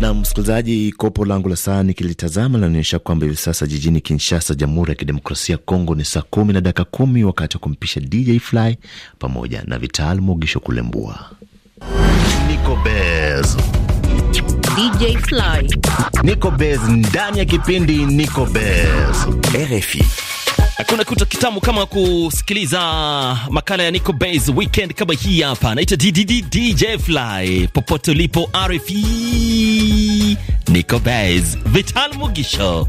Na msikilizaji, kopo langu la saa nikilitazama linaonyesha kwamba hivi sasa jijini Kinshasa, Jamhuri ya Kidemokrasia ya Kongo ni saa kumi na dakika kumi, wakati wa kumpisha DJ Fly pamoja na Vital Mogisho kulembua Nico Bez. DJ Fly. Nico Bez ndani ya kipindi Nico Bez. RFI Hakuna kitu kitamu kama kusikiliza makala ya Nico Bays weekend kama hii hapa. Naitwa DJ Fly, popote ulipo rfe Nico Bays, Vital Mugisho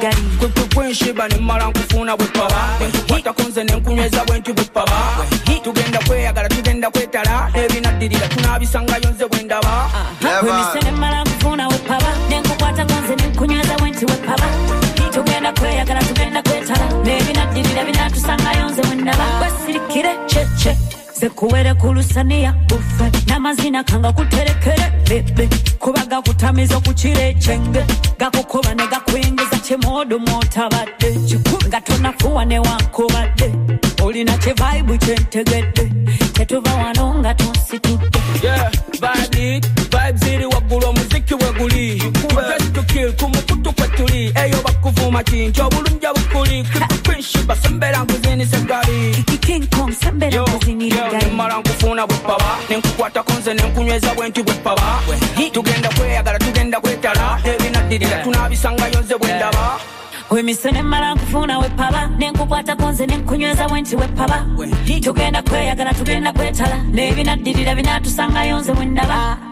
gari kwekwenshiba nemala nkufuna bwepaba enkukwata kunze nenkunyweza bwe nti bwepaba tugenda kweyagala tugenda kwetala ebinaddirira wepaba bwe nti wepaba tugenda kweyagala tugenda kwetala n'ebinaddirira binatusangayo nze bwendaba basirikire ah. kyekye sekuwere bufe n'amazina kanga kuterekere bebe kubaga gakutamiza kuchire chenge, gakukuba ne kyemwodo mwotabadde kikulu nga tonafuwa newankubadde olina kyevaibu kyentegedde tetuva wano nga tonsitudde ziri waggulu omuziki we guli kukil ku mukutu kwe tuli eyo bakuvuma kinki obulungi obukuli kipinshiba sembera nkuzinisa egali mmala nkufuna bwepaba nenkukwatako nze nenkunyweza bwe nti bwepaba tugenda kweyagala tugenda kwetala badirira tunaabisanga yonze bwe ndaba wemisene mmala nkufuuna we paba nenkukwata kunze nenkunyweza bwenti we paba tugenda kweyagala tugenda kwetala n'ebinaddirira binaatusangayonze bwe ndaba ah.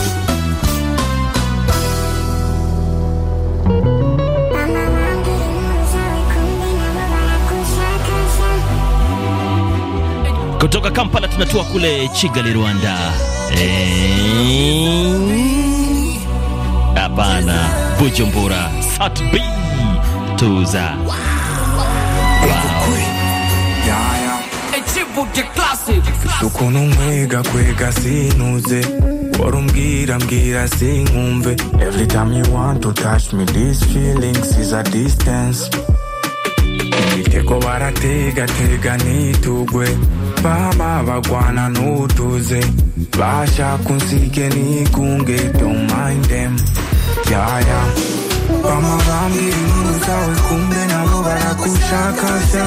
Kutoka Kampala tunatua kule Kigali, Rwanda. Eh. Hapana, e... Bujumbura b tuza wow. ukuntu nkwega kwega sinuze wari umbwira mbwira sinkumve every time you want to touch me these feelings is a distance imitego tega nitugwe pama vakwana nodhuze vasha kunsike ni kunge don't mind them yaya pamavambiri munhu sawekumbe navo vara kushakasha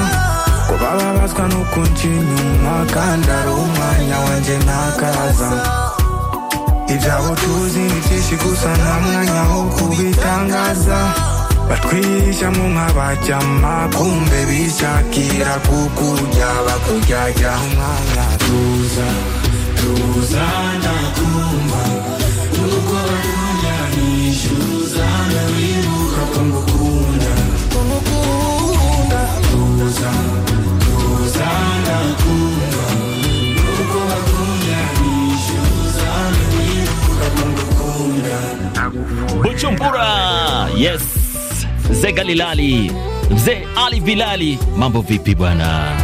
kwavava vatswa nokuncinyu makanda romwanya wanje nakaza ibzavo tuzi nitishikusana mwanya wokuvitangaza batwisha mu bishakira kukurya bakuryarya umwanya tuza tuza ndakumva nuko nishyuza ko ngukunda ngukunda tuza tuza ndakumva nuko nishyuza ko ngukunda yes Mzee Galilali, Mzee Ali Bilali, mambo vipi bwana?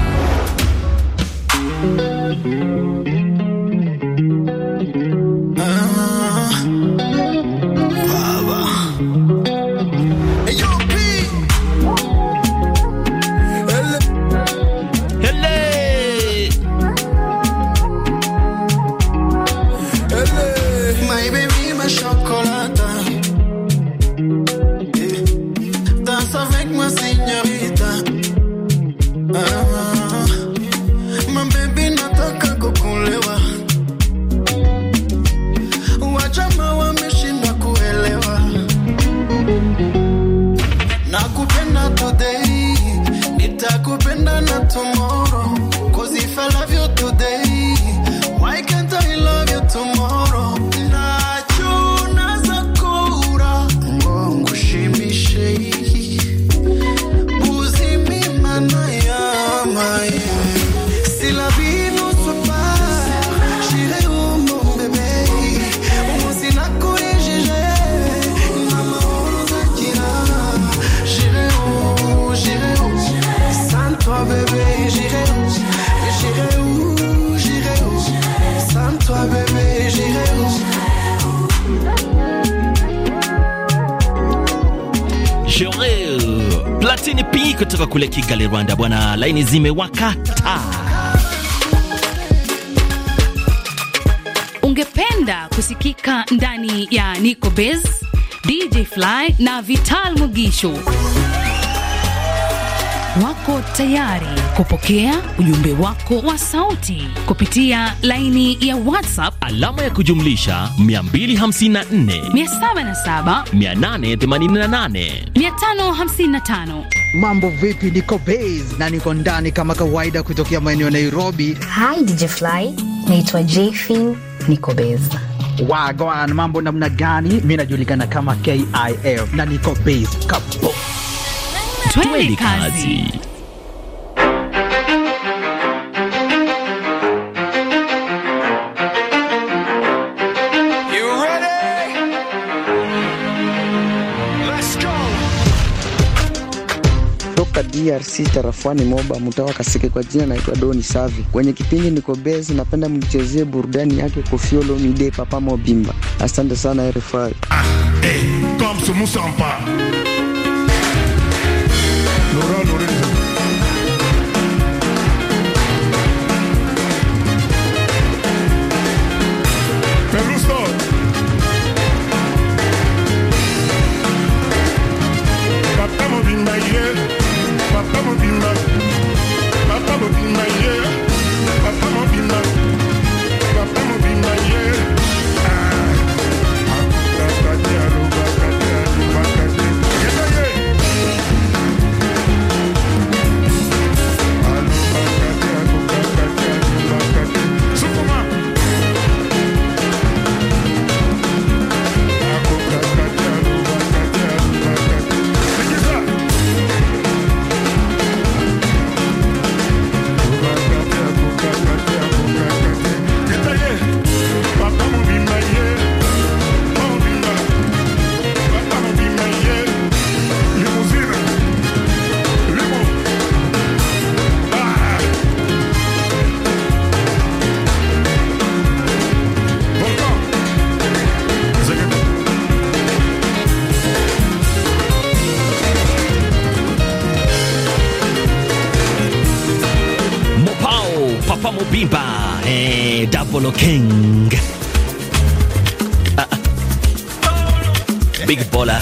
Bad P kutoka kule Kigali, Rwanda. Bwana, laini zimewakata. Ungependa kusikika ndani ya Nico Bez, DJ Fly na Vital Mugisho wako tayari kupokea ujumbe wako wa sauti kupitia laini ya WhatsApp alama ya kujumlisha 254 Mambo vipi? Niko base na niko ndani kama kawaida kutokea maeneo ya Nairobi. Hi DJ Fly, naitwa Jefin niko base wagwan. Mambo namna gani? Mi najulikana kama kif na niko base kapo Twende kazi. DRC tarafani Moba mtawa Kaseke, kwa jina naitwa Doni Savi. Kwenye kipindi niko bezi, napenda mnichezee burudani yake Koffi Olomide, Papa Mobimba. Asante sana RFI. Ah, hey, eh, King. Ah, ah. Big Bola.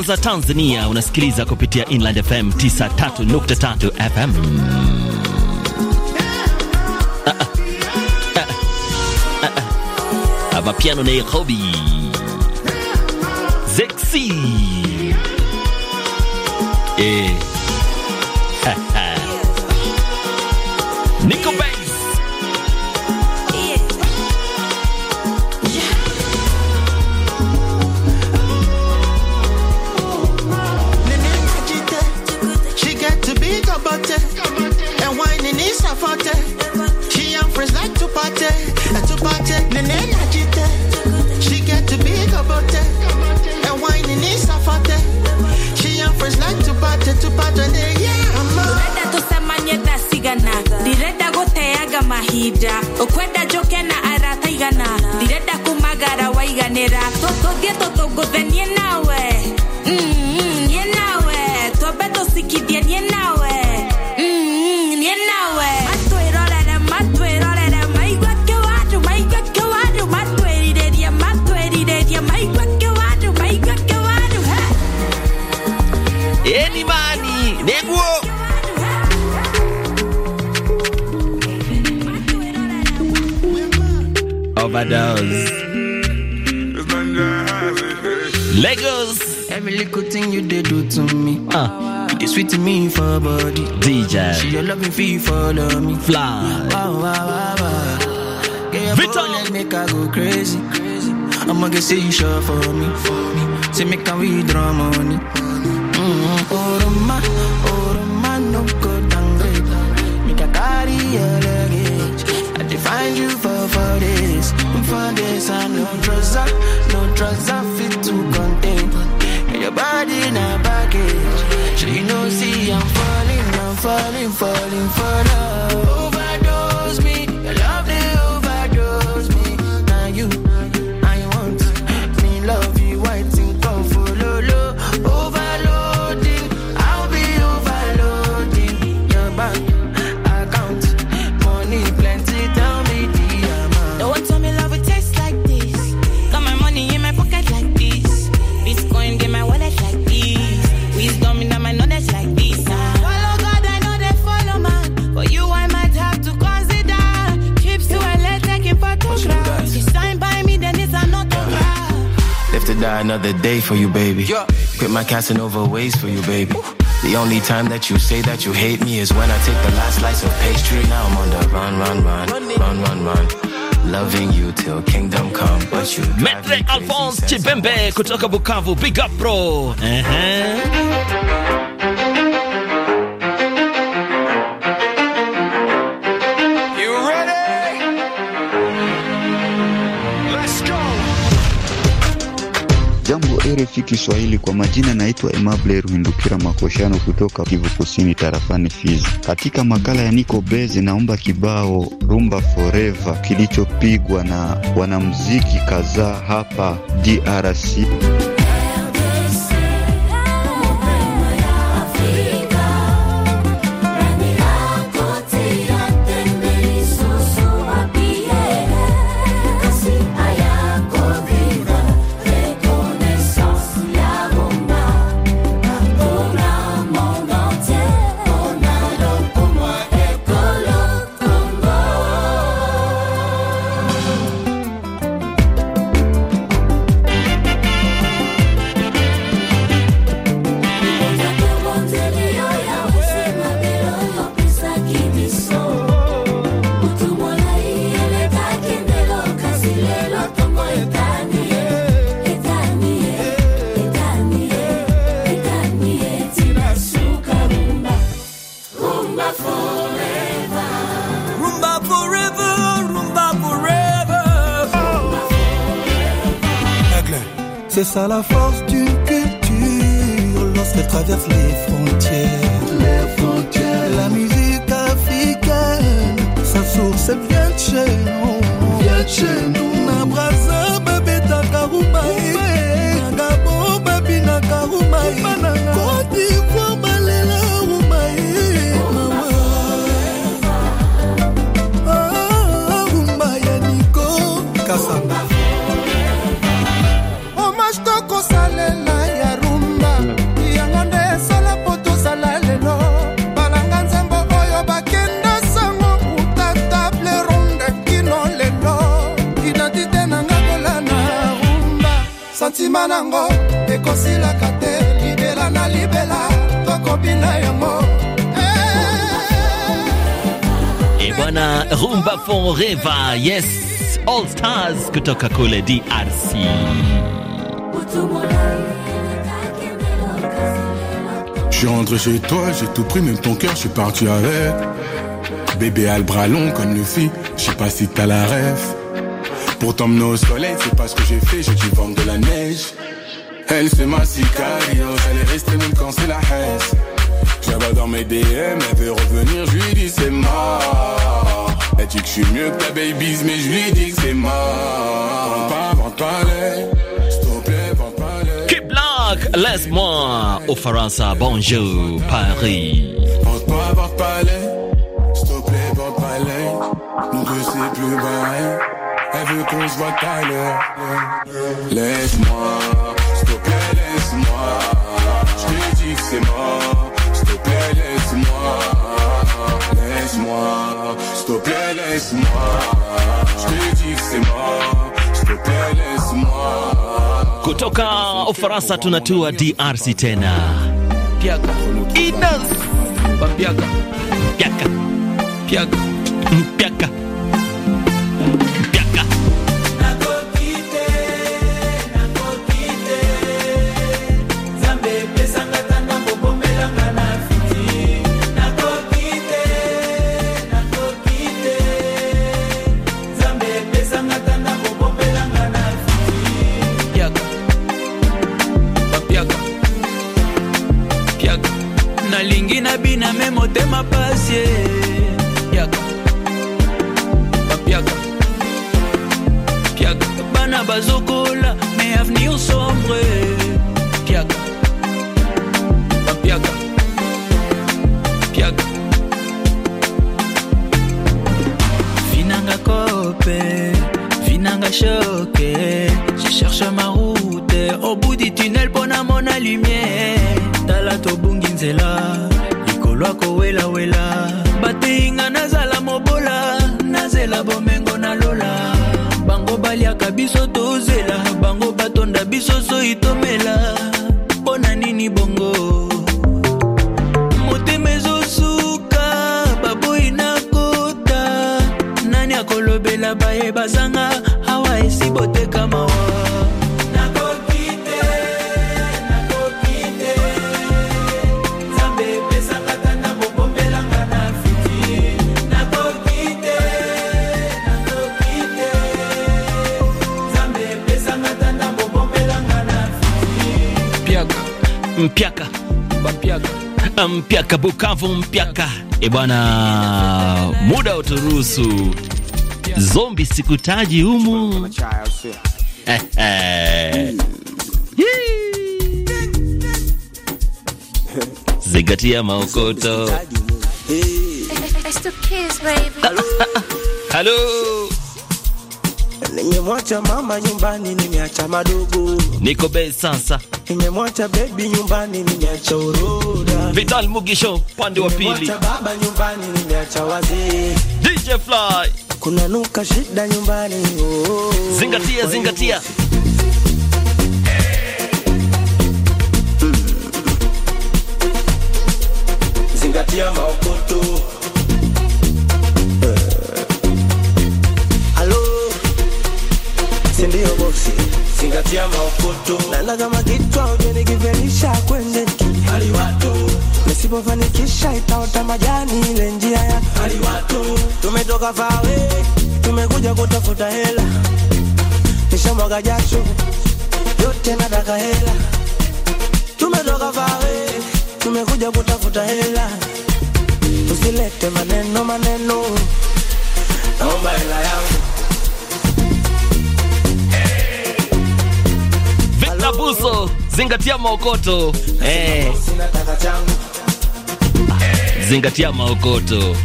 mvua za Tanzania unasikiliza kupitia Inland FM 93.3 FM. Amapiano Nairobi Zexi ukwenda njuke na arataigana igana ndirenda kumagara waiganira tũtũthiĩ tũtũngũthenie nao overdose. Legos. Every little thing you did do to me. Uh. Ah. You sweet to me for body. DJ. She your loving follow me. Fly. Oh, wow, wow, wow, go crazy. crazy. I'ma get say you sure for me. For me. Say make I withdraw money. Mm-hmm. Oh, oh, i define you for for this, for this. I no drugs, I no drugs, I fit to contain. And your body in a baggage. She you know, see, I'm falling, I'm falling, falling for love. die another day for you, baby. Quit my Casanova ways for you, baby. The only time that you say that you hate me is when I take the last slice of pastry. Now I'm on the run, run, run, run, run, run. Loving you till kingdom come, but you Metre Alphonse Chibembe kutoka Bukavu, big up bro. Uh -huh. RFI Kiswahili kwa majina naitwa Emable Ruhindukira Makoshano kutoka Kivu Kusini tarafani Fizi. Katika makala ya Niko Beze naomba kibao Rumba Forever kilichopigwa na wanamuziki kadhaa hapa DRC. à la force d'une culture, lorsqu'elle traverse les fronts nsima nango ekosilaka te libela na libela tokobina yango eh. eh, for yes all stars kutoka kule drc je suis rentré chez toi, j'ai tout pris, même ton cœur, je suis parti avec. Bébé a le bras long comme le fille, je sais pas si t'as la rêve. Pour t'emmener au soleil, c'est pas ce que j'ai fait, Je dû vendre de la neige. Elle c'est ma sicario, elle est restée même quand c'est la haine. J'avais dans mes DM, elle veut revenir, je lui dis c'est mort. Elle dit que je suis mieux que ta baby's, mais je lui dis que c'est mort. Pas, pas Keep Black, laisse-moi au Faransa, bonjour Paris. Vente pas, vente pas s'il te plaît, vente pas Nous deux c'est plus pareil. veux qu'on se voit à l'heure. Laisse-moi, s'il te plaît, laisse-moi Je te dis que c'est mort, s'il te plaît, laisse-moi Laisse-moi, s'il te plaît, laisse-moi Je te dis que c'est mort, s'il te plaît, laisse-moi Kutoka Ufaransa tunatua DRC tena Piaga Inas Piaga Piaga Piaga mm, Piaga na biname motema passé Kiaga Papiaga piaka bana bazokola me avenir sombre piaka Papiaga piaka Finanga kope Finanga choke je cherche ma route au bout du tunnel pona mona lumière tala tobungi nzela lwako welawela bateinga nazala mobola nazela bomengo nalola bango baliaka biso tozela bango batonda biso soi tomela mpo na nini bongo motema ezosuka baboyi na nani akolobela baye bazanga awa esi boteka mawa Mpiaka Mpiaka Mpiaka Bukavu Mpiaka. E bwana, muda uturuhusu zombi sikutaji humu zingatia maokoto. Halo Nimemwacha mama nyumbani, nimeacha madogo, niko bei sasa. Nimemwacha baby nyumbani, nimeacha uroda. Vital Mugisho pande wa pili, nimemwacha baba nyumbani, nimeacha wazee. DJ Fly, kuna nuka shida nyumbani. Oh, zingatia zingatia hmm. Zingatia maokoto boksi, zingatia maokoto, nala kama kichwa uje nikivelisha kwende aliwato nisipofanikisha itaota majani ile njia ya aliwato. Tumetoka fawe, tumekuja kutafuta hela, nishamwaga jasho yote nataka hela. Tumetoka fawe, tumekuja kutafuta hela, tusilete maneno maneno, naomba hela yangu uso, zingatia maokoto eh. Zingatia maokoto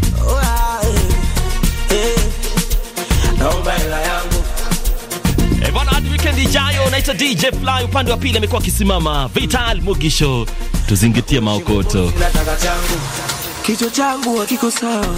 eh bwana, hadi weekend ijayo. Naitwa DJ Fly, upande wa pili amekuwa akisimama Vital Mugisho. Tuzingatie maokoto. Kichwa changu hakiko sawa